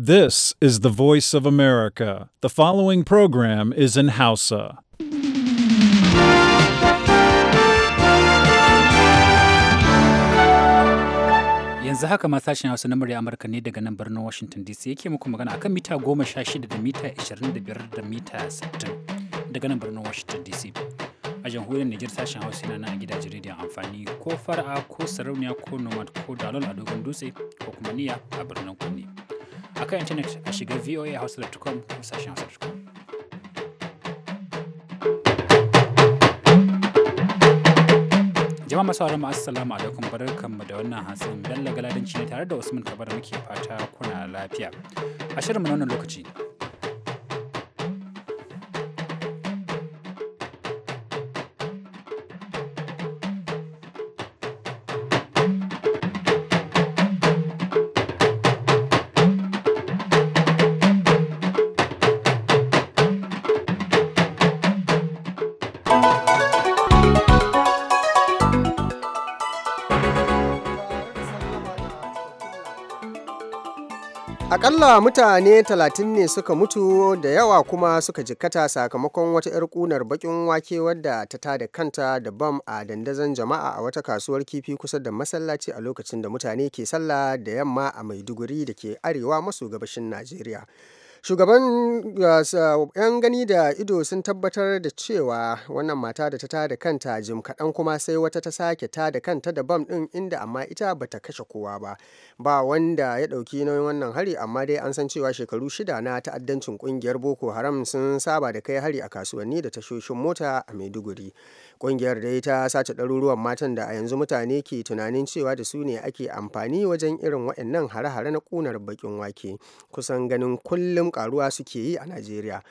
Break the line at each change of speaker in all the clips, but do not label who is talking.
This is the voice of America. The following program is in Hausa. Yanzu haka ma sashen Hausa na murya Amurka ne daga nan birnin Washington DC yake muku magana akan mita shida da mita ishirin da mita sittin, daga nan birnin Washington DC. a jamhuriyar Nijar sashen Hausa yana nan a gidajen rediyon amfani ko fara'a ko sarauniya ko nomad ko dalol a dogon dutse ko kuma niya a birnin kunne. a kan intanet a shiga voahouse.com ko sashen hausa.com. jama'a masu haramu assalamu alaikum kanmu da wannan hasin dan lagaladanci ne tare da usman kabar muke fata kuna lafiya a shirin wannan lokaci
Akalla mutane talatin ne suka mutu da yawa kuma suka jikkata sakamakon wata 'yar kunar bakin wake wadda ta tada kanta da bam a dandazon jama'a a wata kasuwar kifi kusa da masallaci a lokacin da mutane ke sallah da yamma a Maiduguri da ke arewa maso gabashin Najeriya. Shugaban 'yan gani da ido sun tabbatar da cewa wannan mata da ta tada kanta jim kaɗan kuma sai wata ta sake tada kanta da bam ɗin inda amma ita bata kashe kowa ba. Ba wanda ya ɗauki nauyin wannan hari amma dai an san cewa shekaru shida na ta'addancin ƙungiyar Boko Haram sun saba da kai hari a kasuwanni da tashoshin mota a Maiduguri. Ƙungiyar dai ta sace ɗaruruwan matan da a yanzu mutane ke tunanin cewa da su ne ake amfani wajen irin waɗannan hare-hare na ƙunar baƙin wake kusan ganin kullum ƙaruwa suke yi a Najeriya.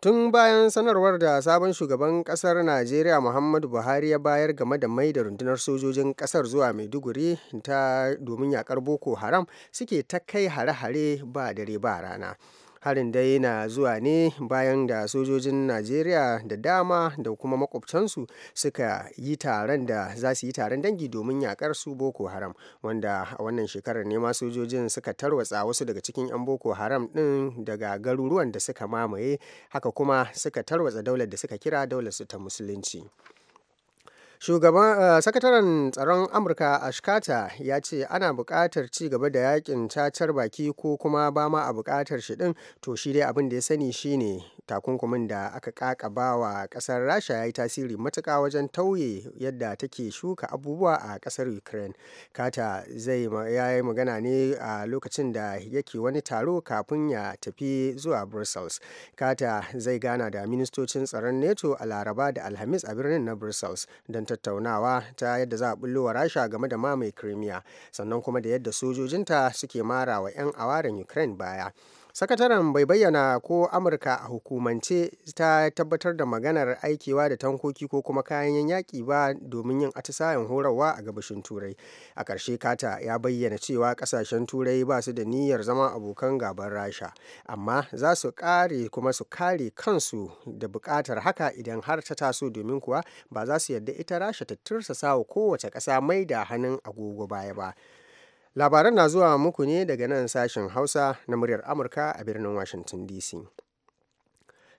Tun bayan sanarwar da sabon shugaban ƙasar Najeriya Muhammadu Buhari ya bayar game da mai da rundunar sojojin ƙasar zuwa Maiduguri ta domin yakar Boko Haram suke ta kai hare-hare ba dare ba rana. harin dai na zuwa ne bayan da sojojin najeriya da dama da kuma makwabcansu suka yi taron da za su yi taron dangi domin yakar su boko haram wanda a wannan shekarar ne ma sojojin suka tarwatsa wasu daga cikin 'yan boko haram din daga garuruwan da suka mamaye haka kuma suka tarwatsa daular da suka kira daular su ta musulunci Shugaban eh, Sakataren Tsaron Amurka a ya ce ana bukatar ci gaba da yakin cacar baki ko kuma ba ma a bukatar shi ɗin to shi dai abin da ya sani shine takunkumin da aka kaka bawa ƙasar Rasha ya yi tasiri matuka wajen tauye yadda take shuka abubuwa a ƙasar Ukraine. kata zai ya yi magana ne a lokacin da yake wani taro kafin ya tafi zuwa Brussels. kata zai gana da ministocin tsaron NATO a Laraba da Alhamis a birnin na Brussels don tattaunawa ta yadda za a bullo wa rasha game da mamaye crimea sannan kuma da yadda sojojinta suke mara wa 'yan awaren ukraine baya sakataren bai bayyana ko amurka a hukumance ta tabbatar da maganar aikewa da tankoki ko kuma kayan yaƙi ba domin yin atisayen horarwa a gabashin turai a ƙarshe kata ya bayyana cewa ƙasashen turai ba su da niyyar zama abokan gaban rasha amma za su ƙare kuma su kare kansu da buƙatar haka idan har ta taso domin kuwa ba za su yarda ita rasha ta tursasa wa kowace ƙasa mai da hannun agogo baya ba labaran na zuwa muku ne daga nan sashen hausa na muryar amurka a birnin washington dc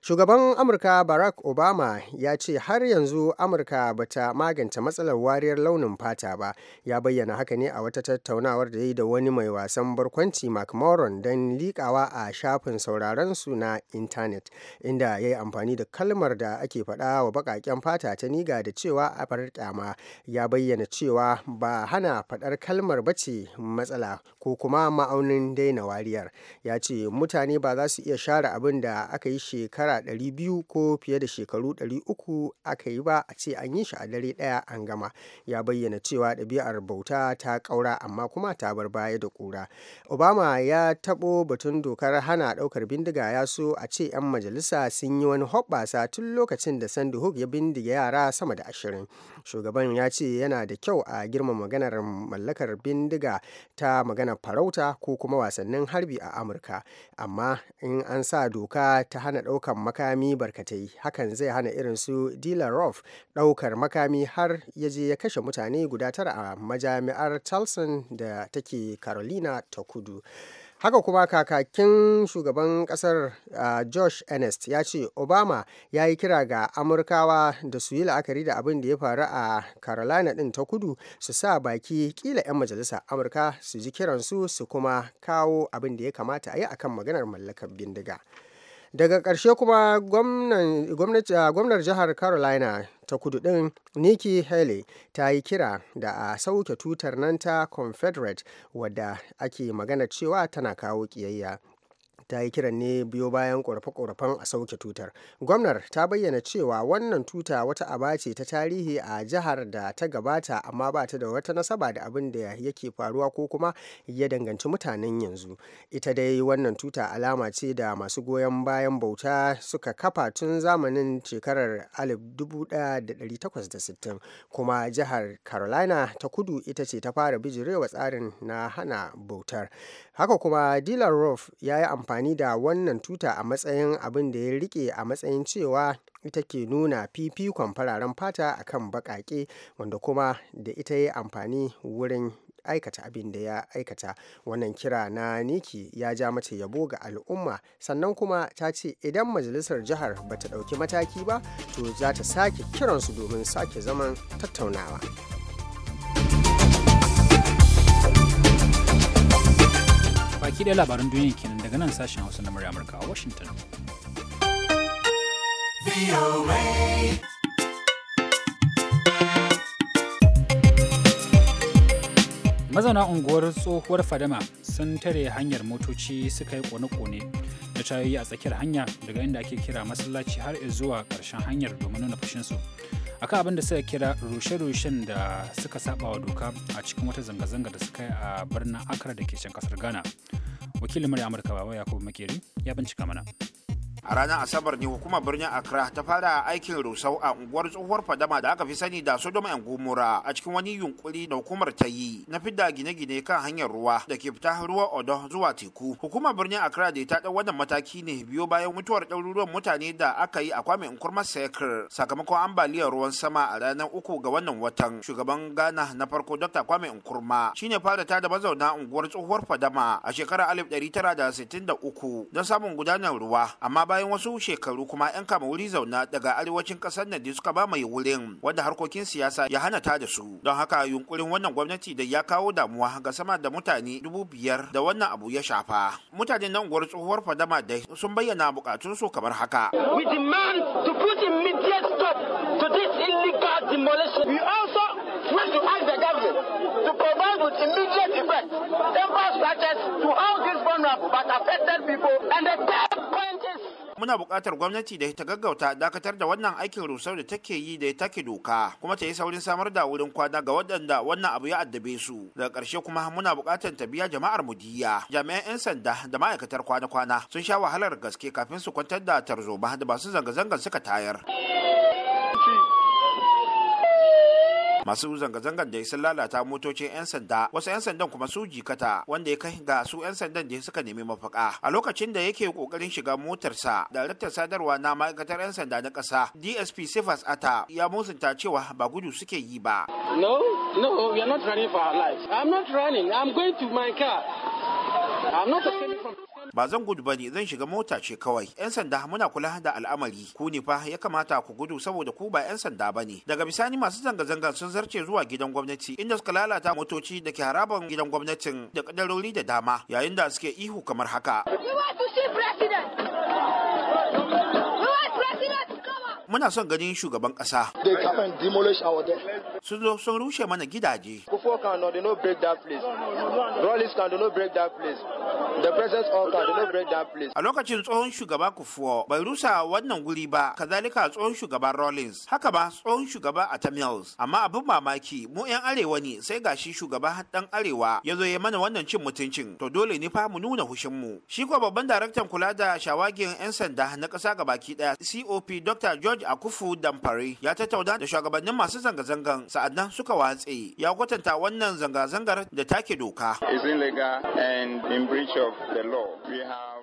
Shugaban Amurka Barack Obama ya ce har yanzu Amurka ba ta magance matsalar wariyar launin fata ba, ya bayyana haka ne a wata tattaunawar da ya yi da wani mai wasan barkwanci Mark Moron don liƙawa a shafin sauraron su na intanet, inda ya yi amfani da kalmar da ake faɗa wa baƙaƙen fata ta niga da cewa a farar ƙyama ya bayyana cewa ba hana faɗar kalmar ba ce matsala ko kuma ma'aunin daina wariyar. Ya ce mutane ba za su iya share abin da aka yi shekara shekara 200 ko fiye da shekaru 300 aka yi ba a ce an yi shi a dare ɗaya an gama ya bayyana cewa ɗabi'ar bauta ta ƙaura amma kuma ta bar baya da ƙura obama ya taɓo batun dokar hana ɗaukar bindiga ya so a ce 'yan majalisa sun yi wani hoɓɓasa tun lokacin da sandy hook ya bindiga yara sama da ashirin shugaban ya ce yana da kyau a girma maganar mallakar bindiga ta maganar farauta ko kuma wasannin harbi a amurka amma in an sa doka ta hana daukan makami barkatai hakan zai hana irin su dila rof daukar makami har ya je ya kashe mutane guda tara a majami'ar talson da take carolina ta kudu haka kuma kakakin shugaban kasar a josh ernest ya ce obama ya yi kira ga amurkawa da su yi la'akari da abin da ya faru a carolina din ta kudu su sa baki kila 'yan majalisa amurka su ji kiransu su kuma kawo abin da ya kamata a yi akan maganar mallakar bindiga. daga ƙarshe kuma gwamnar jihar carolina ta kudu ɗin nikki haley ta yi kira da a sauke tutar nan ta confederate wadda ake magana cewa tana kawo ƙiyayya ta yi kiran ne biyo bayan ƙorafe-ƙorafen a sauke tutar gwamnar ta bayyana cewa wannan tuta wata aba ce ta tarihi a jihar da ta gabata amma ba ta da wata nasaba da abin da yake faruwa ko kuma ya danganci mutanen yanzu ita dai wannan tuta alama ce da masu goyon bayan bauta suka kafa tun zamanin shekarar 1860 kuma jihar carolina ta kudu ita ce ta fara bijirewa tsarin na hana bautar haka kuma dilan rof ya yi amfani amfani da wannan tuta a matsayin abin da ya rike a matsayin cewa ita ke nuna fifikon fararen fata a kan baƙaƙe wanda kuma da ita ya amfani wurin aikata abin da ya aikata wannan kira na niki ya ja mace yabo ga al'umma sannan kuma ta ce idan majalisar jihar ba ta ɗauki mataki ba to za ta sake kiransu domin sake zaman tattaunawa
baki da labaran duniya kenan daga nan sashen hausa na murya amurka a washington mazauna unguwar tsohuwar fadama sun tare hanyar motoci suka yi kone-kone ta tayoyi a tsakiyar hanya daga inda ake kira masallaci har zuwa ƙarshen hanyar domin nuna fushinsu akan abin da suka kira rushe-rushen da suka saba wa doka a cikin wata zanga-zanga da suka yi a birnin accra da ke can kasar ghana wakilin murya amurka
baba yakubu makeri ya bincika mana a ranar asabar ne hukumar birnin accra ta fara aikin rusau a unguwar tsohuwar fadama da aka fi sani da sodoma and gomora a cikin wani yunkuri da hukumar ta yi na fidda gine-gine kan hanyar ruwa da ke fita ruwa odo zuwa teku hukumar birnin accra da ta ɗau wannan mataki ne biyo bayan mutuwar ɗaruruwan mutane da aka yi a kwame nkurma sekir sakamakon ambaliyar ruwan sama a ranar uku ga wannan watan shugaban ghana na farko dr kwame nkurma shine fara ta da mazauna unguwar tsohuwar fadama a shekarar 1963 don samun gudanar ruwa amma bayan wasu shekaru kuma 'yan kama wuri zauna daga arewacin kasar nan da suka ba mai wurin wanda harkokin siyasa ya hana ta da su don haka yunkurin wannan gwamnati da ya kawo damuwa ga sama da mutane dubu biyar da wannan abu ya shafa mutane nan gwar tsohuwar fadama dai sun bayyana bukatun su kamar haka we
demand to put immediate stop to this illegal demolition we also which you ask the government to provide with immediate effect temporary structures to all these vulnerable but affected people. And the third point is
muna buƙatar gwamnati da ta gaggauta dakatar da wannan aikin rusar da take yi da take doka kuma ta yi saurin samar da wurin kwana ga waɗanda wannan abu ya addabe su daga ƙarshe kuma muna buƙatar ta biya jama'ar mudiya jami'an 'yan sanda da ma'aikatar kwana-kwana sun sha wahalar gaske kafin su kwantar da tarzoma da masu zanga-zangar suka tayar. masu zanga-zangar da sun lalata motocin 'yan sanda wasu 'yan sandan kuma su jikata wanda ya kai ga su 'yan sandan da suka nemi mafaka a lokacin da yake kokarin shiga motarsa daraktan sadarwa na ma'aikatar 'yan sanda na ƙasa dsp sifas ata ya musunta cewa ba gudu suke yi ba
no no we are not running for our lives i'm not running i'm going to my car i'm not escaping from
Ba zan gudu ba ne zan shiga mota ce kawai. 'Yan sanda muna kula da al'amari. Ku ne fa ya kamata ku gudu saboda ku ba 'yan sanda ba ne. Daga bisani masu zanga-zanga sun zarce zuwa gidan gwamnati inda suka lalata motoci da ke haraban gidan gwamnatin da kadarori da dama yayin da suke ihu kamar haka. Muna son ganin shugaban ƙasa. sun zo sun rushe mana gidaje. Kufuor kan no, no break that place. Rollins kan no break that place. The presence of kan no break that place. A lokacin tsohon shugaba kufuwa, bai rusa wannan guri ba, kazalika tsohon shugaba Rollins, haka ba tsohon shugaba Mills. Amma abin mamaki mu 'yan arewa ne sai gashi shugaba dan arewa ya zo ya mana wannan cin mutuncin. To dole ne fa mu nuna hushin mu Shi ko babban daraktan kula da shawagin 'yan sanda na ƙasa gabaki ɗaya COP Dr. George Akufu Damfare ya tattauna da shugabannin masu zanga-zangan sa'annan suka watse ya kwatanta wannan zanga-zangar da take doka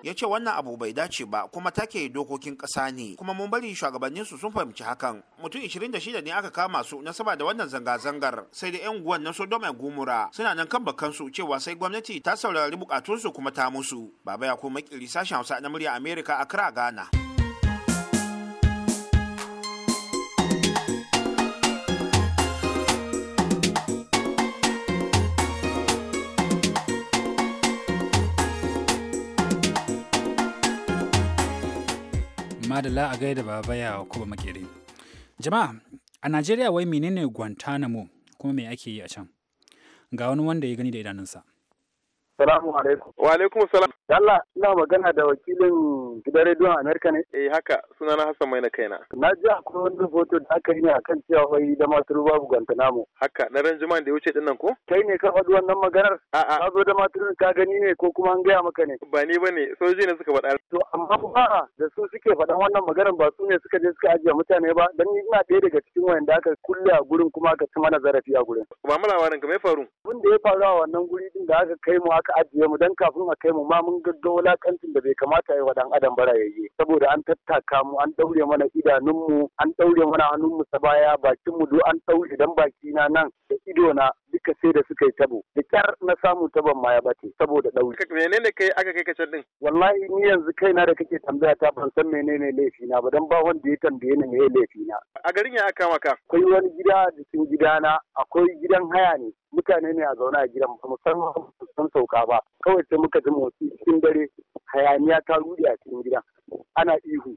ya ce wannan abu bai dace ba kuma take dokokin ƙasa ne kuma mun bari shugabannin su sun fahimci hakan mutum 26 ne aka kama su na saba da wannan zanga-zangar sai da 'yan guwan na sodoma gumura suna nan kan bakansu cewa sai gwamnati ta saurari bukatunsu kuma ta musu baba ya kuma Kiri sashen hausa na murya a kira ghana
Madala a gaida baba ya kuma makere. Jama'a, a Najeriya wai menene Guantanamo kuma me ake yi a can? Ga wani wanda ya gani da idanunsa. Salamu alaikum. Wa alaikum salam. Yalla ina
magana da wakilin gidan rediyon Amerika ne? Eh haka suna na Hassan Maina kaina. Na ji akwai wani hoto da aka yi ne akan cewa wai da masu babu Guantanamo. Haka na ran juma'an da ya wuce dinnan ko? Kai ne ka faɗi wannan maganar? A'a. Ka zo da masu ka gani ne ko kuma an gaya maka ne? Ba ni bane soji ne suka faɗa. To amma kuma da su suke faɗan wannan maganar ba su ne suka je suka ajiye mutane ba dan ni ina ɗaya daga cikin wayanda aka kulle a gurin kuma aka ci mana zarafi a gurin. Ba mu labarin ka mai faru? Abin da ya faru a wannan guri din da aka kai mu aka ka ajiye mu dan kafin a kai mu ma mun gaggawa wulakancin da bai kamata yi wa dan adam bara yi. saboda an tattaka mu an daure mana idanunmu an daure mana hannunmu ta baya bakinmu duk an daure dan baki na nan da ido na duka sai da suka yi tabo da kyar na samu tabon ma ya bace saboda dauri menene kai aka kai kacan din wallahi ni yanzu kaina da kake tambaya ta ban san menene laifi na ba dan ba wanda ya tambaye ni me laifi na a garin ya aka maka akwai wani gida jikin gidana akwai gidan haya ne mutane ne a zaune a gidan musamman sun sauka matsa ba kawai sai muka ji motsi cikin dare hayaniya ta rudi a cikin gidan ana ihu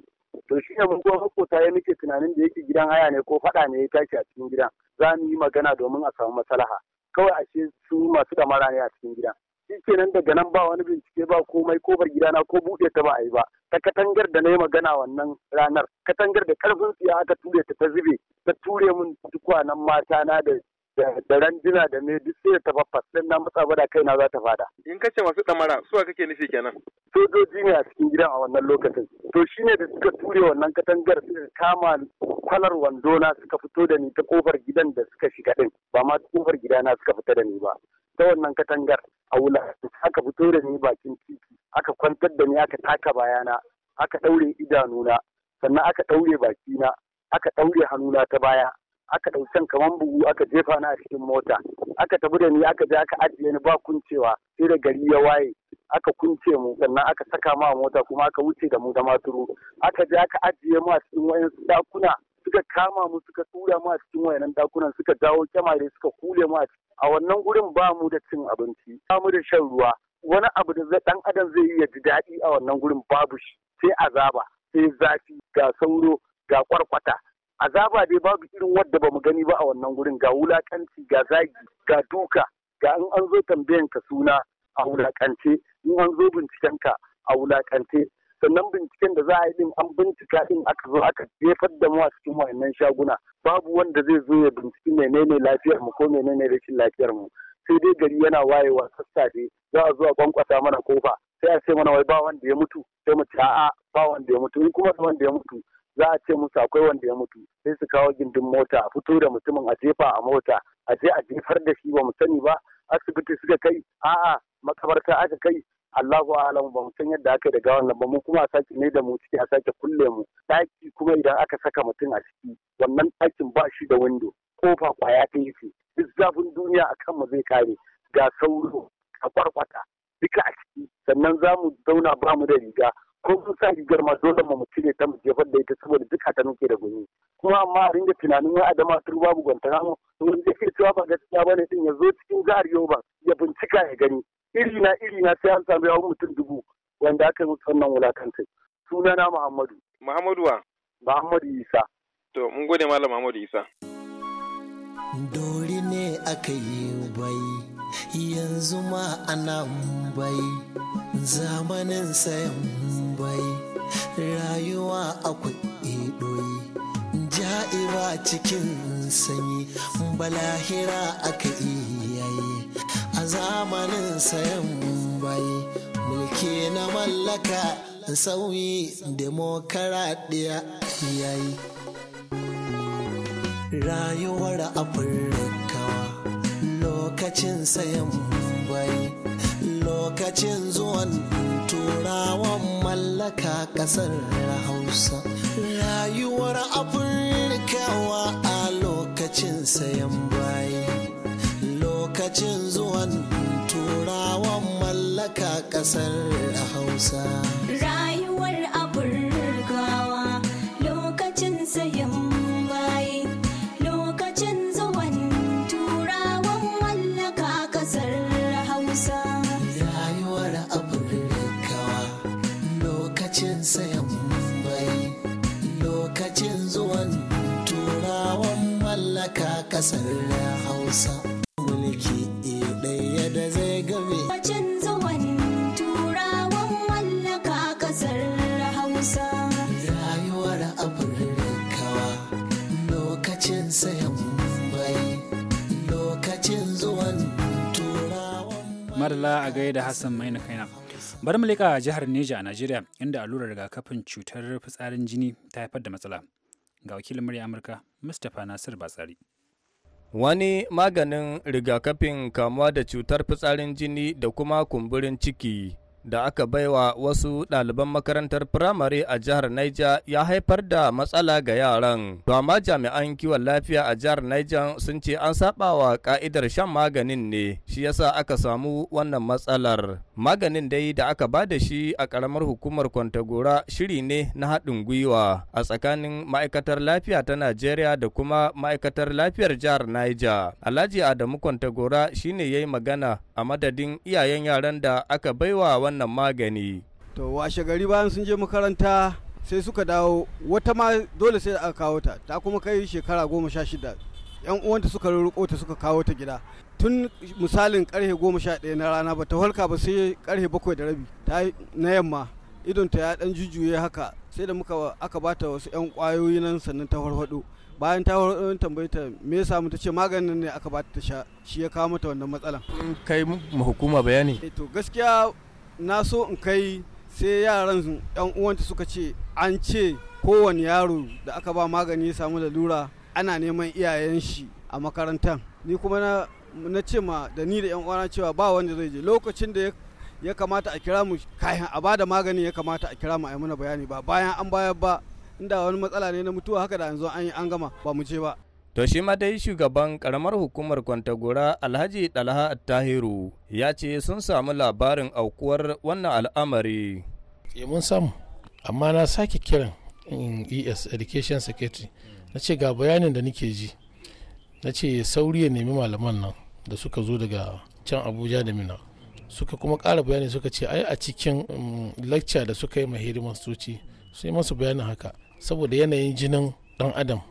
to shi ne mun makota ya muke tunanin da yake gidan haya ne ko fada ne ya tashi a cikin gidan za mu yi magana domin a samu maslaha kawai ashe su masu damara ne a cikin gidan shi ke nan daga nan ba wani bincike ba komai ko bar gidana ko buɗe ta ba a yi ba ta katangar da na yi magana wannan ranar katangar da karfin siya aka ture ta ta zube ta ture mun dukwanan mata na da da randuna da me duk sai ta faffas sai na matsa ba da kaina za ta fada in kace masu damara suwa kake nufi kenan sojoji ne a cikin gidan a wannan lokacin to shine da suka ture wannan katangar suka kama kwalar wando na suka fito da ni ta kofar gidan da suka shiga din ba ma kofar gida na suka fita da ni ba ta wannan katangar a wula aka fito da ni bakin titi aka kwantar da ni aka taka bayana aka ɗaure idanuna sannan aka ɗaure bakina aka ɗaure hannuna ta baya aka ɗauki kamar buhu aka jefa na a cikin mota aka tafi da ni aka je aka ajiye ni ba kuncewa sai da gari ya waye aka kunce mu sannan aka saka ma mota kuma aka wuce da mu da maturu aka je aka ajiye mu a cikin su dakuna suka kama mu suka tura mu a cikin wayan dakunan suka jawo kyamare suka kule mu a wannan gurin ba mu da cin abinci ba mu da shan ruwa wani abu da dan adam zai yi ya ji daɗi a wannan gurin babu shi sai azaba sai zafi ga sauro ga kwarkwata azaba dai babu irin wadda ba mu gani ba a wannan gurin ga wulakanci ga zagi ga duka ga in an zo tambayan ka suna a wulakance in an zo binciken ka a wulakance sannan binciken da za a yi din an bincika din aka zo aka jefar da mu a cikin wayannan shaguna babu wanda zai zo ya binciki menene lafiyar mu ko menene rashin lafiyar mu sai dai gari yana wayewa sassafe za a zo a bankwasa mana kofa sai a ce mana wai ba wanda ya mutu sai mu ce a'a ba wanda ya mutu in kuma wanda ya mutu za a ce musu akwai wanda ya mutu sai su kawo gindin mota a fito da mutumin a jefa a mota a je a jefar da shi ba mu sani ba asibiti suka kai a'a makabarta aka kai Allahu alam ba mu san yadda aka da gawan nan ba mu kuma a sake ne da mu ciki a sake kulle mu daki kuma idan aka saka mutum a ciki wannan dakin ba shi da windo kofa kwaya ta yi duk zafin duniya a kanmu zai kare ga sauro a kwarkwata duka a ciki sannan za mu zauna ba mu da riga ko mun sa rigar ma dole mu cire ta mu jefar da ita saboda duka ta nuke da gumi kuma amma a ringa tunanin wai adama sun babu mu to wanda yake cewa ba gaskiya bane din ya zo cikin jihar yoruba ya bincika ya gani iri na iri na sai an samu yawon mutum dubu wanda aka yi wannan wulakantai
sunana muhammadu muhammadu wa muhammadu isa to mun gode malam muhammadu isa
dori ne aka yi bai yanzu ma ana bai zamanin sayan bai rayuwa a kuɗi ɗoyi ja'ira cikin sanyi balahira aka iyaye a zamanin sayan bai mulki na mallaka sauyi demokaradiyya yayi rayuwar afirka lokacin sayan bai lokacin zuwan turawan mallaka kasar hausa rayuwar afirkawa a lokacin sayan bai lokacin zuwan turawan mallaka kasar hausa
da Hassan Maina kaina. Bari mu leƙa jihar Neja a Najeriya inda allurar rigakafin cutar fitsarin jini ta haifar da matsala. Ga wakilin murya Amurka, Mustapha Nasir Batsari.
Wani maganin rigakafin kamuwa da cutar fitsarin jini da kuma kumburin ciki da aka baiwa wasu ɗaliban makarantar firamare a jihar Niger ya haifar da matsala ga yaran. To amma jami'an kiwon lafiya a jihar Niger sun ce an saɓawa wa ka'idar shan maganin ne, shi yasa aka samu wannan matsalar. maganin dai da aka ba da shi a karamar hukumar kwantagora shiri ne na haɗin gwiwa a tsakanin ma'aikatar lafiya ta najeriya da kuma ma'aikatar lafiyar jihar niger alhaji adamu kwantagora shine ya yi magana a madadin iyayen yaran da aka baiwa wannan magani
to
washe gari bayan sun je makaranta sai suka dawo wata ma dole sai aka kawo ta ta kuma kai shekara goma sha shida yan uwanta suka roƙo ta suka kawo ta gida tun misalin karfe goma sha ɗaya na rana ba ta halka ba sai karfe bakwai da rabi ta na yamma idonta ya dan jujjuye haka sai da muka aka bata wasu yan kwayoyi nan sannan ta farfaɗo bayan ta farfaɗo tambayi ta me ya samu ta ce maganin ne aka bata ta sha shi ya kawo mata wannan matsalan kai mu
hukuma bayani
eh, to gaskiya na so in kai sai yaran yan uwanta suka ce an ce kowane yaro da aka ba magani ya samu lalura ana neman iyayen shi a makarantar ni kuma na ce ma da ni da yan uwana cewa ba wanda zai je lokacin da ya kamata a kira mu kayan a bada magani ya kamata a kira mu a mana bayani ba bayan an bayar ba inda wani matsala ne na mutuwa haka da yanzu an yi an gama ba mu je ba
To shi ma dai shugaban karamar hukumar Kwantagora Alhaji Dalha tahiru ya ce sun samu labarin aukuwar wannan al'amari.
Eh, mun samu, amma na sake kiran mm, ES Education Secretary na ce ga bayanin da nake ji na ce sauri ya nemi malaman nan da suka zo daga can abuja da mina suka kuma kara bayani suka ce ai a cikin um, lacca da suka yi mahiri soci su yi masu bayanin haka saboda yanayin jinin dan adam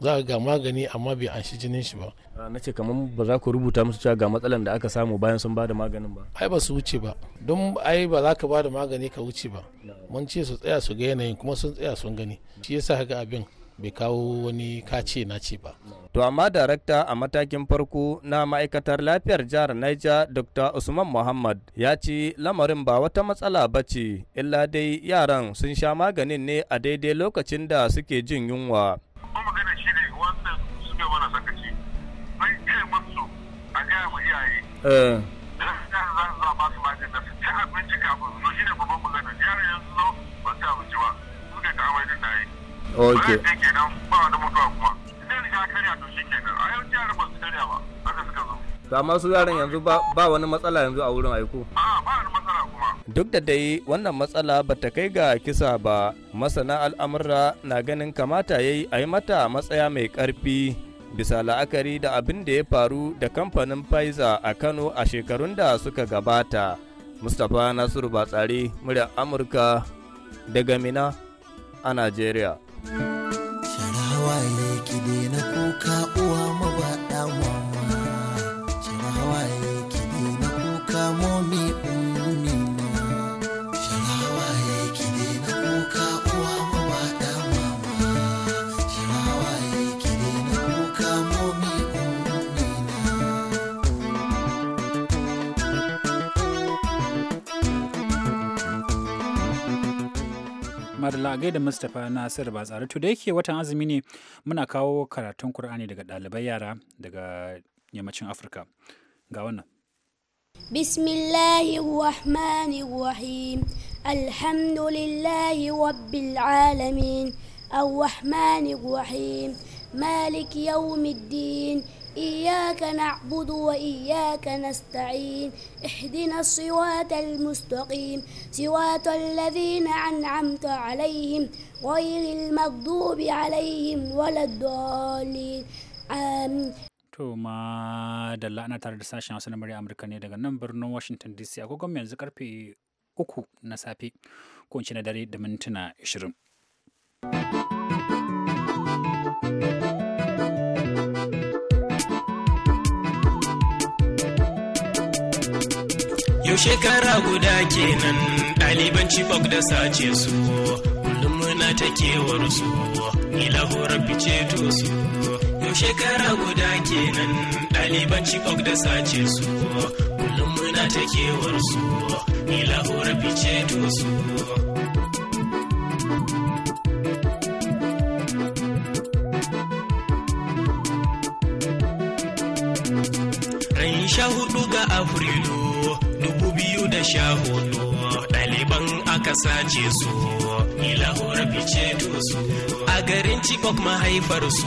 za ga magani amma bai anshi jinin shi ba
ah, na ce kamar ba za ku rubuta musu cewa ga matsalan da aka samu bayan sun bada maganin ba ai ba su wuce ba
don ai ba za ka bada magani ka wuce ba mun ce su tsaya su ga yanayin kuma sun tsaya sun gani shi yasa ga abin bai kawo
wani kace na ce ba. To amma darakta a matakin farko na ma'aikatar lafiyar jihar Niger Dr. Usman Muhammad ya ce lamarin ba wata matsala ba ce illa dai yaran sun sha maganin ne a daidai lokacin da suke jin yunwa. Uh. su
shi ne babban
zo su ta ok su yaran yanzu ba wani matsala yanzu a wurin aiko duk da dai wannan matsala ba ta kai ga kisa ba masana al'amurra na ganin kamata ya yi a yi mata matsaya mai karfi bisa la'akari da abin da ya faru da kamfanin Pfizer a kano a shekarun da suka gabata mustapha nasiru batsari murya amurka daga mina a najeriya
Sharawa yake ki na
Madalla da Mustapha Nasir ba tsare to da yake watan azumi ne muna kawo karatun Kur'ani daga ɗalibai yara daga yammacin Afirka. Ga wannan.
Bismillahir Alhamdulillahi Rabbil Alamin. Ar-Rahmanir Malik Yawmiddin. إياك نعبد وإياك نستعين اهدنا الصراط المستقيم صراط الذين أنعمت عليهم غير المغضوب عليهم ولا الضالين آمين
To da la'ana tare da sashen wasu na murya Amurka ne daga nan birnin Washington DC agogon yanzu karfe uku na safe ko na dare da mintuna 20.
yau shekara guda kenan ɗaliban chibok da sace su kullum muna ta kewar su ni lahorar fice to su yau shekara guda kenan ɗaliban chibok da sace su kullum muna ta kewar su ni lahorar fice to su da sha hudu ɗaliban aka sace su ilahura fice su a garin chibok mahaifar su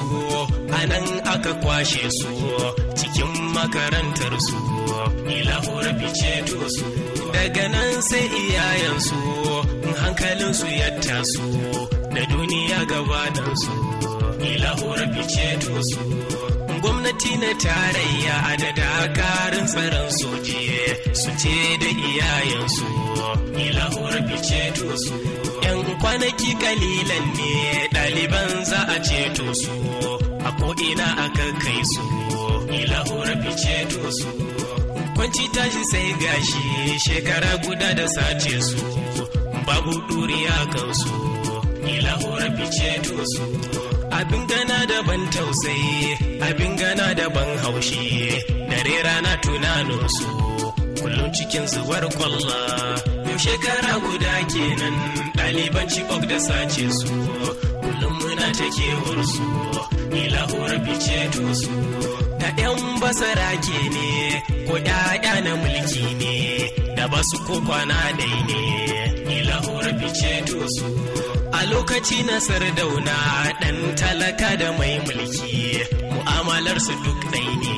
a nan aka kwashe su cikin makarantar su ilahura fice su daga nan sai iyayensu su ya taso da duniya gabatarsu ilahura fice su gwamnati na tarayya a da dakarun tsaron soji su ce da iyayensu ila fice to su yan kwanaki kalilan ne ɗaliban za a ceto su a ko'ina aka kai su ila fice to su kwanci tashi sai gashi shekara guda da sace su babu ɗuriya kansu ila fice to su abin gana da ban tausayi abin gana da ban haushi dare rana tunanin su kullum cikin zuwar kwalla yau shekara guda kenan ɗaliban chibok da sace su kullum muna ta kewar su ilahuwar fice to su ɗan basara ke ne ko ‘ya'ya na mulki ne da basu ko kwana dai ne ilahuwar fice to su a lokaci na sardauna ɗan talaka da mai mulki mu'amalarsu duk ɗai ne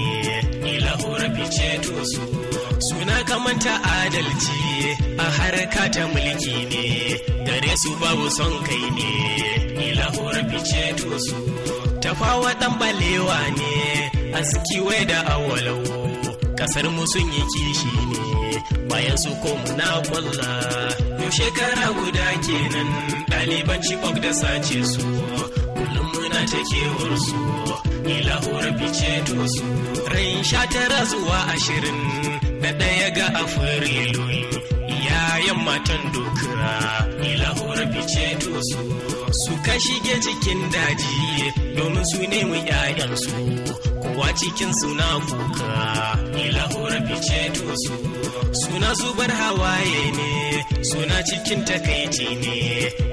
ilahura fice to su suna kamanta adalci a harka ta mulki ne gare su babu son kai ne ilahura fice to su tafawa ɗan balewa ne a sikiwai da awalawo kasar mu sun yi kishi ne bayan su ko na kwallon shekara guda kenan ɗaliban Chibok da sace su kullum muna ta kewar su ni ceto su rai sha tara zuwa ashirin da ɗaya ga afrilu yayan matan dokira ni lahore fice to su ka shige cikin daji domin su nemi 'ya'yansu kowa cikin suna kuka ni lahore fice su suna zubar hawaye ne suna cikin takaici ne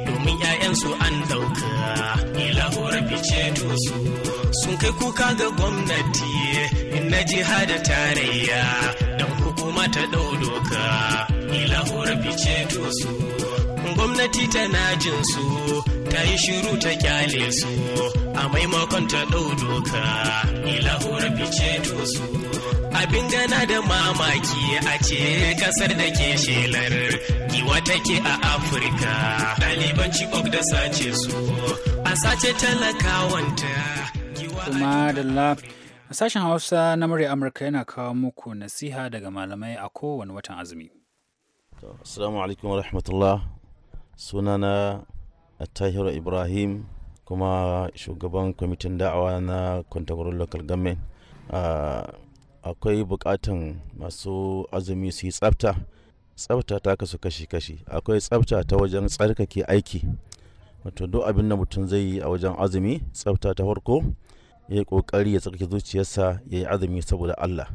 domin 'ya'yansu an dauka ilahuwar fice su sun kai kuka ga gwamnati in na jiha da tarayya don hukuma ta ɗau doka ilahuwar fice su gwamnati ta jin su ta yi shiru ta kyale su a maimakon ta ɗau doka ilahuwar fice su abin gana da mamaki a ce kasar da ke shelar giwa take a afirka daliban chibok da sace su a sace talakawanta
kuma da sashen hausa na murya amurka yana kawo muku nasiha daga malamai a kowane watan azumi
assalamu alaikum wa rahmatullah sunana tahiru ibrahim kuma shugaban kwamitin da'awa na kwantagwaron local government ah, akwai bukatan masu azumi su yi tsafta tsafta ta kasu kashi-kashi akwai tsafta ta wajen tsarkake aiki wato duk abin da mutum zai yi a wajen azumi tsafta ta farko ya yi kokari ya tsarki zuciyarsa ya yi azumi saboda allah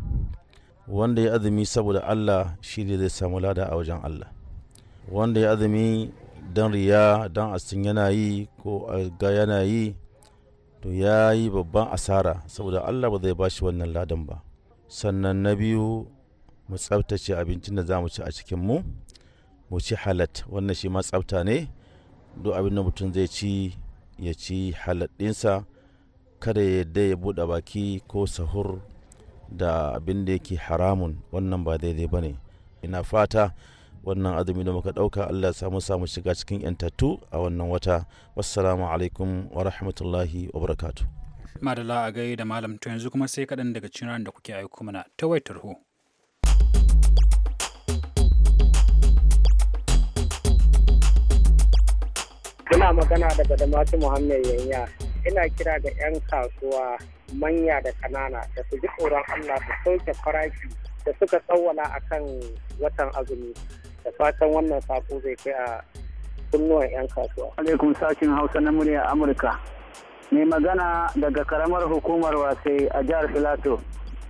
wanda ya azumi saboda allah shi ne zai samu lada a wajen allah wanda ya azumi don riya don asin yana yi ko ga yana yi to ya yi babban asara saboda allah ba zai bashi wannan ladan ba sannan na biyu mu tsabtace abincin da za mu ci a cikin mu mu ci halat wannan shi ma tsabta ne duk abin da mutum zai ci ya ci halat ɗinsa kada ya yadda ya buɗe baki ko sahur da abin da yake haramun wannan ba daidai ba ne ina fata wannan azumi da muka ɗauka allah ya samu samu shiga cikin yantattu a wannan wata wassalamu alaikum wa rahmatullahi wa barakatu
Madala a gai da malam to yanzu kuma sai kaɗan daga cikin da kuke aiko mana ta waitar ho.
Ina magana daga Damatu Muhammad Yanya. Ina kira ga 'yan kasuwa manya da kanana da su ji tsoron Allah su sauke farashi da suka tsawwala a kan watan azumi. Da fatan wannan sako zai kai a kunnuwan 'yan kasuwa. Alaikum sashin Hausa na murya Amurka. mai magana daga karamar hukumar wasai a jihar filato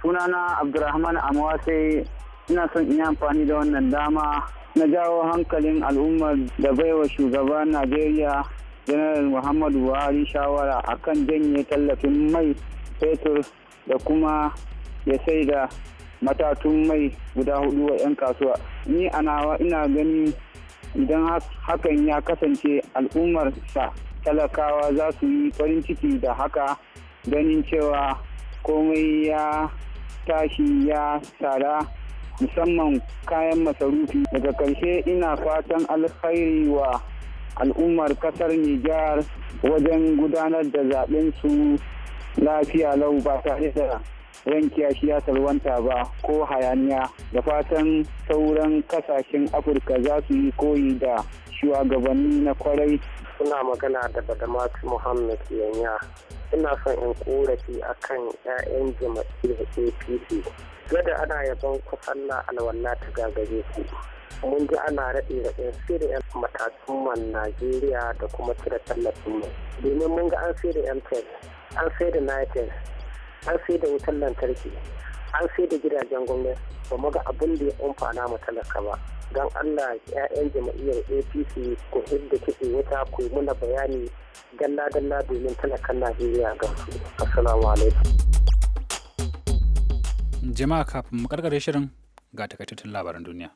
sunana abdulrahman amwasai
ina son in yi amfani da wannan dama na jawo hankalin al'ummar da baiwa shugaban najeriya janar muhammadu buhari shawara a kan janye tallafin mai fetur da kuma ya sai da matatun mai guda hudu wa 'yan kasuwa ni a nawa ina gani idan hakan ya kasance al'ummar sa. talakawa za su yi farin ciki da haka ganin cewa komai ya tashi ya tsada musamman kayan masarufi daga karshe ina fatan alkhairi wa al'ummar ƙasar Nijar wajen gudanar da zaɓen su lafiya lau ba tare da rankiya shi ya salwanta ba ko hayaniya da fatan sauran kasashen afirka za su yi koyi da
shugabanni na kwarai suna magana da badamatu muhammad yanya ina son
in korafi kan 'ya'yan da apc gada ana yabon kusanna alwala ta gagare ku mun ji ana raɗe da ɗin sirri yan matatun man najeriya da kuma cire tallafin mu domin mun ga an sai da mtel an sai da nitel an sai da wutan lantarki an sai da gidajen gwamnati ba mu ga abin da ya amfana ma talaka ba don allah 'ya'yan jama'iyyar apc
ko inda take wuta ku yi muna bayani dalla-dalla domin talakan najeriya ga su
assalamu alaikum jama'a kafin mu karkare shirin ga takaitattun labaran duniya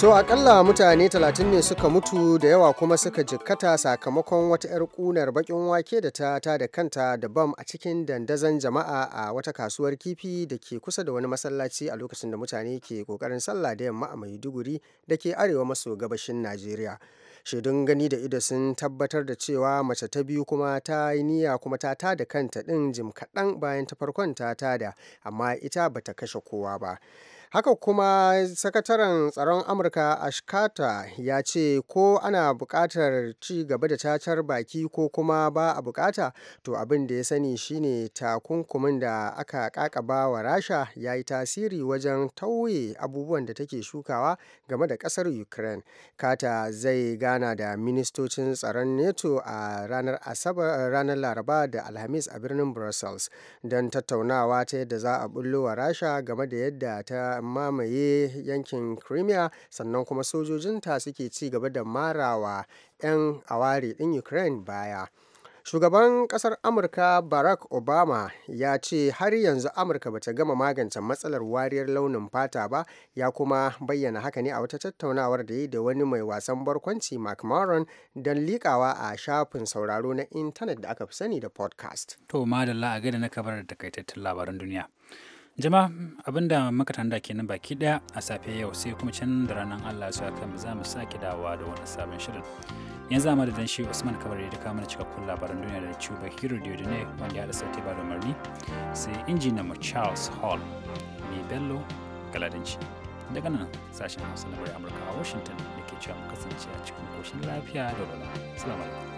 To akalla mutane 30 ne suka mutu da yawa kuma suka jikkata sakamakon wata 'yar kunar bakin wake da ta ta da kanta da bam a cikin dandazon jama'a a wata kasuwar kifi da ke kusa da wani masallaci a lokacin da mutane ke kokarin sallah da yamma a Maiduguri da ke arewa maso gabashin Najeriya. shaidun gani da ido sun tabbatar da cewa mace ta biyu kuma ta yi niyya kuma ta tada kanta ɗin jim kaɗan bayan ta farkon ta tada amma ita bata kashe kowa ba Haka kuma sakataren tsaron Amurka ashkata ya ce ko ana buƙatar ci gaba da cacar baki ko kuma ba a buƙata to abin da ya sani shine takunkumin da aka ƙaƙaba wa Rasha ya yi tasiri wajen tauye abubuwan da take shukawa game da ƙasar Ukraine. kata zai gana da ministocin tsaron neto a ranar Asabar ranar Laraba da Alhamis a birnin Brussels don tattaunawa ta yadda za a bullo wa Rasha game da yadda ta mamaye yankin crimea sannan kuma sojojinta suke ci gaba da marawa 'yan aware din ukraine baya shugaban kasar amurka barack obama ya ce har yanzu amurka bata gama magance matsalar wariyar launin fata ba ya kuma bayyana haka ne a wata tattaunawar da yi da wani mai wasan barkwanci mark maron don likawa a shafin sauraro na intanet da aka fi sani da podcast
to madalla a gada na kabar da takaitattun labaran duniya jama abin da muka tanda kenan baki daya a safe yau sai kuma can da ranar allah su kan za mu sake dawowa da wani sabon shirin yanzu a da shi usman kabar da kama da cikakkun labaran duniya da cuba hero ne wanda ya da sauti ba da marni sai injina mu charles hall mai bello galadinci daga nan sashen hausa na bari amurka a washington da ke cewa mu kasance a cikin koshin lafiya da walwala salamu alaikum